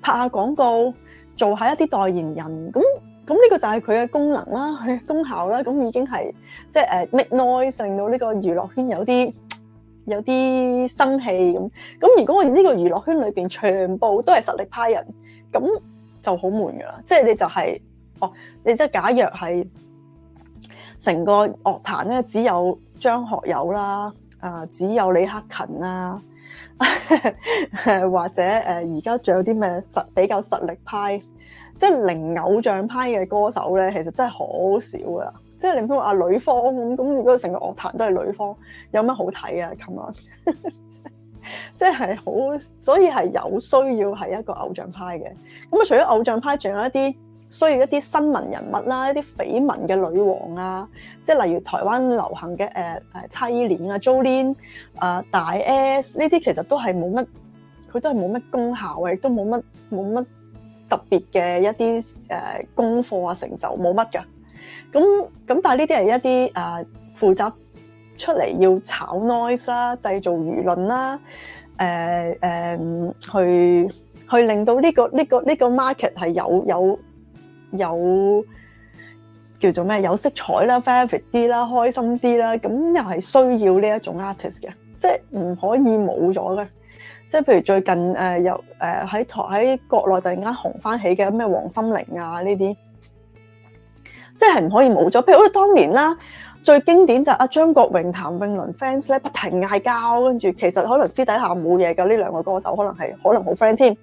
拍下廣告，做下一啲代言人。咁咁呢個就係佢嘅功能啦，佢功效啦。咁已經係即係 make noise 令到呢個娛樂圈有啲有啲生氣咁。咁如果我哋呢個娛樂圈裏邊全部都係實力派人，咁就好悶噶啦。即係你就係哦，你即係假若係。.成個樂壇咧，只有張學友啦，啊，只有李克勤啦，啊、或者誒，而家仲有啲咩實比較實力派，即係零偶像派嘅歌手咧，其實真係好少噶，即係你唔通話女方咁，咁如果成個樂壇都係女方，有乜好睇啊？Come on，即係好，所以係有需要係一個偶像派嘅。咁啊，除咗偶像派，仲有一啲。需要一啲新聞人物啦，一啲緋聞嘅女王啊，即係例如台灣流行嘅誒誒蔡依林啊、Jolin 啊、大 S 呢啲，其實都係冇乜，佢都係冇乜功效嘅，亦都冇乜冇乜特別嘅一啲誒、呃、功課啊，成就冇乜㗎。咁咁，但係呢啲係一啲誒、呃、負責出嚟要炒 noise 啦、製造輿論啦、誒、呃、誒、呃、去去令到呢個呢個呢個 market 係有有。有有叫做咩？有色彩啦，favourite 啲啦，開心啲啦，咁又係需要呢一種 artist 嘅，即係唔可以冇咗嘅。即係譬如最近誒有誒喺台喺國內突然間紅返起嘅咩黃心凌啊呢啲，即係唔可以冇咗。譬如好似當年啦。最經典就係阿張國榮、譚詠麟 fans 咧，不停嗌交，跟住其實可能私底下冇嘢㗎，呢兩個歌手可能係，可能係可能好 friend 添。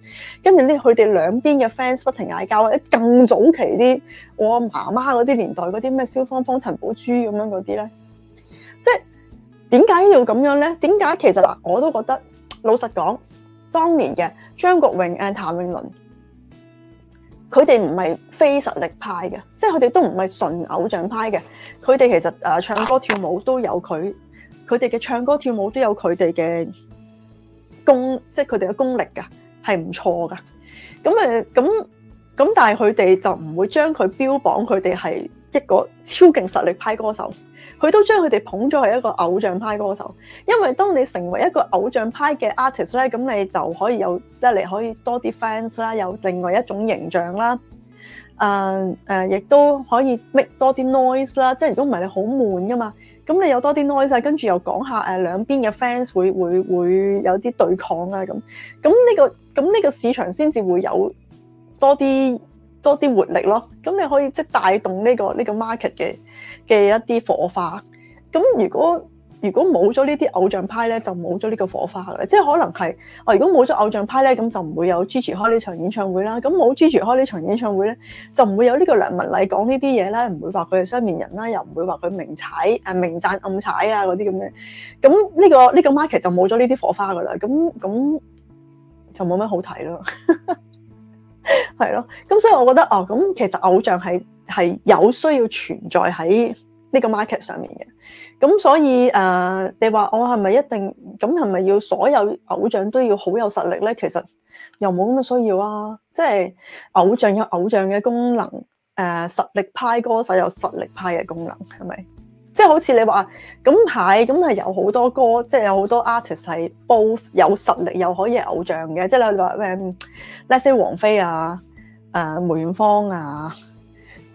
跟住咧，佢哋兩邊嘅 fans 不停嗌交。一更早期啲我阿媽媽嗰啲年代嗰啲咩蕭芳芳、陳寶珠咁樣嗰啲咧，即係點解要咁樣咧？點解其實嗱我都覺得老實講，當年嘅張國榮誒譚詠麟。佢哋唔係非實力派嘅，即係佢哋都唔係純偶像派嘅。佢哋其實誒唱歌跳舞都有佢，佢哋嘅唱歌跳舞都有佢哋嘅功，即係佢哋嘅功力㗎，係唔錯㗎。咁誒，咁咁但係佢哋就唔會將佢標榜佢哋係，一個超勁實力派歌手，佢都將佢哋捧咗係一個偶像派歌手。因為當你成為一個偶像派嘅 artist 咧，咁你就可以有得嚟可以多啲 fans 啦，有另外一種形象啦。誒、呃、誒，亦、呃、都可以 make 多啲 noise 啦。即係如果唔係你好悶噶嘛，咁你有多啲 noise，跟住又講下誒兩邊嘅 fans 會會會有啲對抗啊咁。咁呢、呢個咁呢個市場先至會有多啲。多啲活力咯，咁你可以即係帶動呢個呢個 market 嘅嘅一啲火花。咁如果如果冇咗呢啲偶像派咧，就冇咗呢個火花噶啦，即係可能係哦。如果冇咗偶像派咧，咁就唔會有 Gigi 開呢場演唱會啦。咁冇 Gigi 開呢場演唱會咧，就唔會有呢個梁文禮講呢啲嘢啦，唔會話佢係雙面人啦，又唔會話佢明踩誒明讚暗踩啊嗰啲咁嘅。咁呢個呢個 market 就冇咗呢啲火花噶啦。咁咁就冇咩好睇咯。 係 咯，咁所以我覺得哦，咁其實偶像係係有需要存在喺呢個 market 上面嘅，咁所以誒，你話我係咪一定咁係咪要所有偶像都要好有實力咧？其實又冇咁嘅需要啊，即係偶像有偶像嘅功能，誒，實力派歌手有實力派嘅功能，係咪？即係好似你話，咁排咁係有好多歌，即係有好多 artist 係 both 有實力又可以偶像嘅，即係你話咩 Leslie 王菲啊，誒、啊、梅艷芳啊，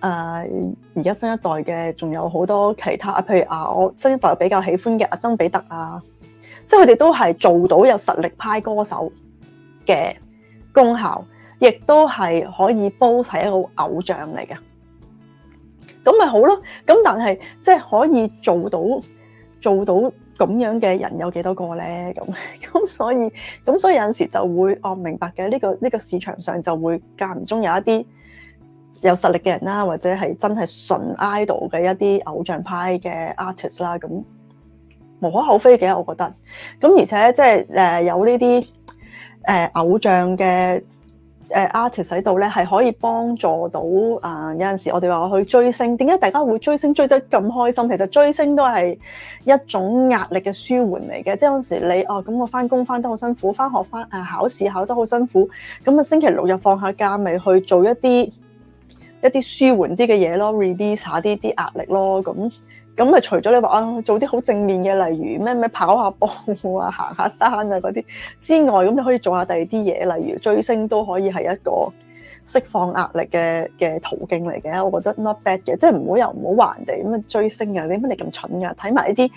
誒而家新一代嘅，仲有好多其他，譬如啊，我新一代比較喜歡嘅阿曾比特啊，即係佢哋都係做到有實力派歌手嘅功效，亦都係可以煲曬一個偶像嚟嘅。咁咪好咯，咁但係即係可以做到做到咁樣嘅人有幾多個咧？咁咁所以咁所以有陣時就會我明白嘅呢個呢個市場上就會間唔中有一啲有實力嘅人啦，或者係真係純 idol 嘅一啲偶像派嘅 artist 啦，咁無可厚非嘅，我覺得。咁而且即係誒有呢啲誒偶像嘅。誒 artist 喺度咧，係可以幫助到啊！有陣時我哋話我去追星，點解大家會追星追得咁開心？其實追星都係一種壓力嘅舒緩嚟嘅，即係有陣時你哦咁，我返工返得好辛苦，返學返啊考試考得好辛苦，咁啊星期六日放下假咪去做一啲一啲舒緩啲嘅嘢咯，release 下啲啲壓力咯咁。咁咪除咗你話啊，做啲好正面嘅，例如咩咩跑下步啊、行下山啊嗰啲之外，咁你可以做下第二啲嘢，例如追星都可以係一個釋放壓力嘅嘅途徑嚟嘅，我覺得 not bad 嘅，即係唔好又唔好話人哋咁啊追星啊，你乜你咁蠢噶、啊？睇埋一啲誒、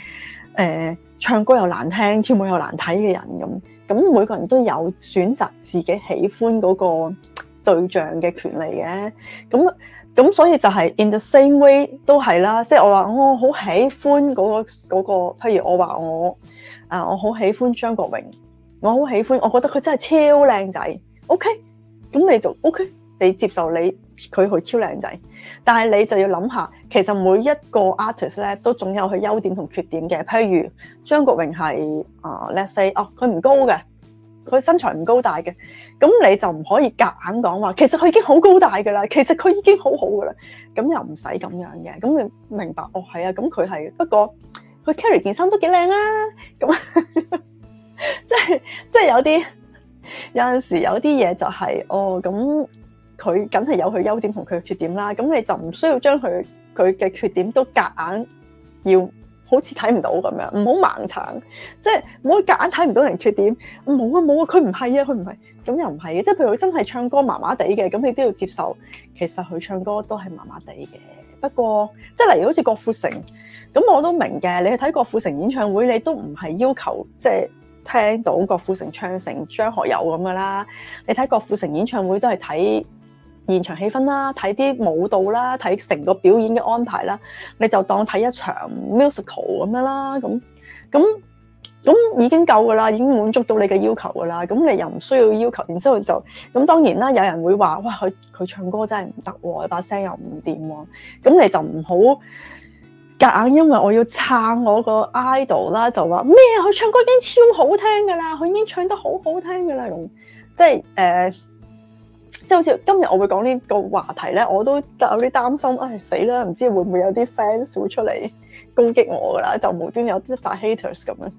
呃、唱歌又難聽、跳舞又難睇嘅人咁，咁每個人都有選擇自己喜歡嗰個對象嘅權利嘅，咁。.咁所以就係 in the same way 都係啦，即係我話我好喜歡嗰個嗰個，譬如我話我啊我好喜歡張國榮，我好喜歡，我覺得佢真係超靚仔。OK，咁你就 OK，你接受你佢去超靚仔，但係你就要諗下，其實每一個 artist 咧都總有佢優點同缺點嘅。譬如張國榮係啊，let's say 哦，佢唔高嘅。佢身材唔高大嘅，咁你就唔可以夾硬講話，其實佢已經好高大嘅啦，其實佢已經好好嘅啦，咁又唔使咁樣嘅。咁你明白？哦，係啊，咁佢係，不過佢 carry 件衫都幾靚啦。咁即係即係有啲有陣時有啲嘢就係，哦，咁佢梗係有佢優點同佢嘅缺點啦。咁你就唔需要將佢佢嘅缺點都夾硬要。好似睇唔到咁樣，唔好盲撐，即係唔好夾硬睇唔到人缺點。冇啊冇啊，佢唔係啊，佢唔係，咁又唔係嘅。即係、啊、譬如佢真係唱歌麻麻地嘅，咁你都要接受，其實佢唱歌都係麻麻地嘅。不過，即係例如好似郭富城，咁我都明嘅。你去睇郭富城演唱會，你都唔係要求即係、就是、聽到郭富城唱成張學友咁嘅啦。你睇郭富城演唱會都係睇。現場氣氛啦，睇啲舞蹈啦，睇成個表演嘅安排啦，你就當睇一場 musical 咁樣啦，咁咁咁已經夠噶啦，已經滿足到你嘅要求噶啦，咁你又唔需要要求，然之後就咁當然啦，有人會話：哇，佢佢唱歌真係唔得喎，把聲又唔掂喎，咁你就唔好夾硬，因為我要撐我個 idol 啦，就話咩佢唱歌已經超好聽噶啦，佢已經唱得好好聽噶啦，咁即係誒。呃即係好似今日我會講呢個話題咧，我都有啲擔心。唉、哎，死啦！唔知會唔會有啲 fans 會出嚟攻擊我噶啦？就無端有啲 fan haters 咁樣。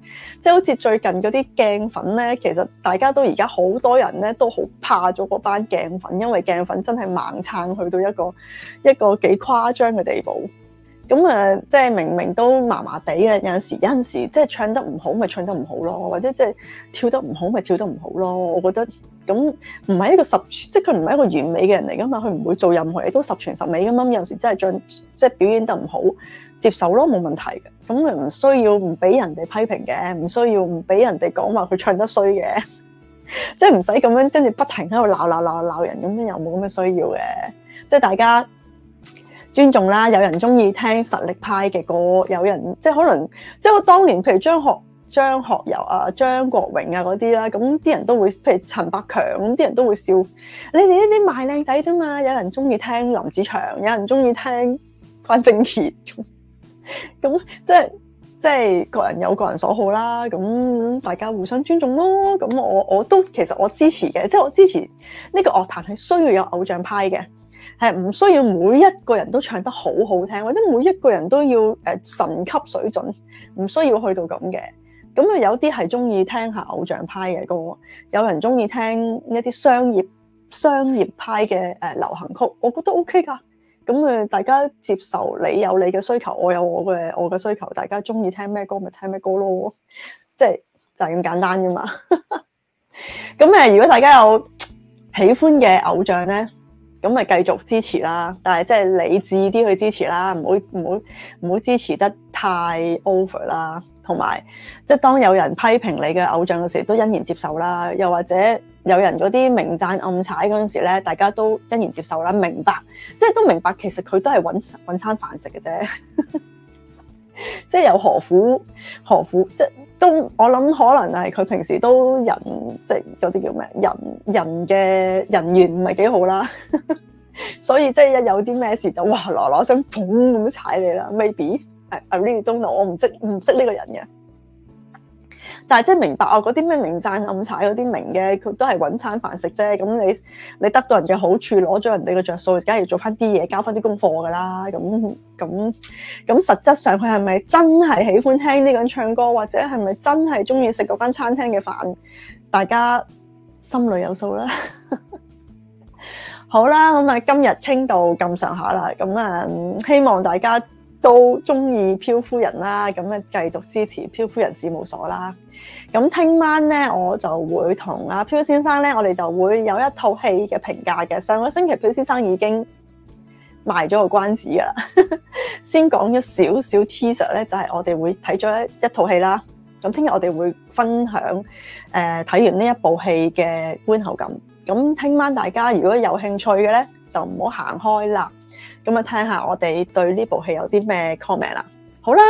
即係好似最近嗰啲鏡粉咧，其實大家都而家好多人咧都好怕咗嗰班鏡粉，因為鏡粉真係猛撐去到一個一個幾誇張嘅地步。咁啊，即係明明都麻麻地嘅，有陣時有陣時即係唱得唔好咪唱得唔好咯，或者即係跳得唔好咪跳得唔好咯。我覺得。咁唔係一個十，即係佢唔係一個完美嘅人嚟噶嘛，佢唔會做任何嘢都十全十美。咁有陣時真係唱，即係表演得唔好，接受咯冇問題嘅。咁佢唔需要唔俾人哋批評嘅，唔需要唔俾人哋講話佢唱得衰嘅， 即係唔使咁樣跟住不停喺度鬧鬧鬧鬧人咁樣，又冇咁嘅需要嘅。即係大家尊重啦，有人中意聽實力派嘅歌，有人即係可能即係我當年譬如張學。張學友啊、張國榮啊嗰啲啦，咁啲人都會，譬如陳百強咁啲人都會笑。你哋你哋賣靚仔啫嘛，有人中意聽林子祥，有人中意聽關正傑。咁 即係即係個人有個人所好啦。咁大家互相尊重咯。咁我我都其實我支持嘅，即係我支持呢個樂壇係需要有偶像派嘅，係唔需要每一個人都唱得好好聽，或者每一個人都要誒神級水準，唔需要去到咁嘅。咁、嗯、啊，有啲係中意聽下偶像派嘅歌，有人中意聽一啲商業商業派嘅誒、呃、流行曲，我覺得 OK 噶。咁、嗯、啊，大家接受你有你嘅需求，我有我嘅我嘅需求，大家中意聽咩歌咪聽咩歌咯，即係就係咁簡單噶嘛。咁 誒、嗯，如果大家有喜歡嘅偶像咧？咁咪繼續支持啦，但係即係理智啲去支持啦，唔好唔好唔好支持得太 over 啦。同埋即係當有人批評你嘅偶像嘅時候，都欣然接受啦。又或者有人嗰啲明讚暗踩嗰陣時咧，大家都欣然接受啦，明白即係、就是、都明白其實佢都係揾揾餐飯食嘅啫，即 係有何苦何苦即係。就是都我諗可能係佢平時都人即係嗰啲叫咩人人嘅人緣唔係幾好啦，所以即係一有啲咩事就哇攞攞想捧咁踩你啦，maybe I really don't know, 我唔識唔識呢個人嘅。但係即係明白啊！嗰啲咩明讚暗踩嗰啲名嘅，佢都係揾餐飯食啫。咁你你得到人嘅好處，攞咗人哋嘅着數，梗係要做翻啲嘢，交翻啲功課噶啦。咁咁咁，實質上佢係咪真係喜歡聽呢個人唱歌，或者係咪真係中意食嗰間餐廳嘅飯，大家心裏有數啦。 好啦，咁啊今日傾到咁上下啦，咁啊希望大家～都中意漂夫人啦，咁啊繼續支持漂夫人事務所啦。咁聽晚咧，我就會同阿漂先生咧，我哋就會有一套戲嘅評價嘅。上個星期漂先生已經賣咗個關子噶啦，先講咗少少 teaser 咧，就係我哋會睇咗一套戲啦。咁聽日我哋會分享誒睇、呃、完呢一部戲嘅觀後感。咁聽晚大家如果有興趣嘅咧，就唔好行開啦。咁啊，聽下我哋對呢部戲有啲咩 comment 啦。好啦，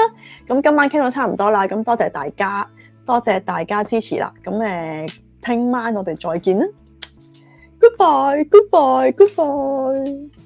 咁今晚傾到差唔多啦。咁多謝大家，多謝大家支持啦。咁誒，聽晚我哋再見啦。Goodbye，goodbye，goodbye goodbye。Goodbye.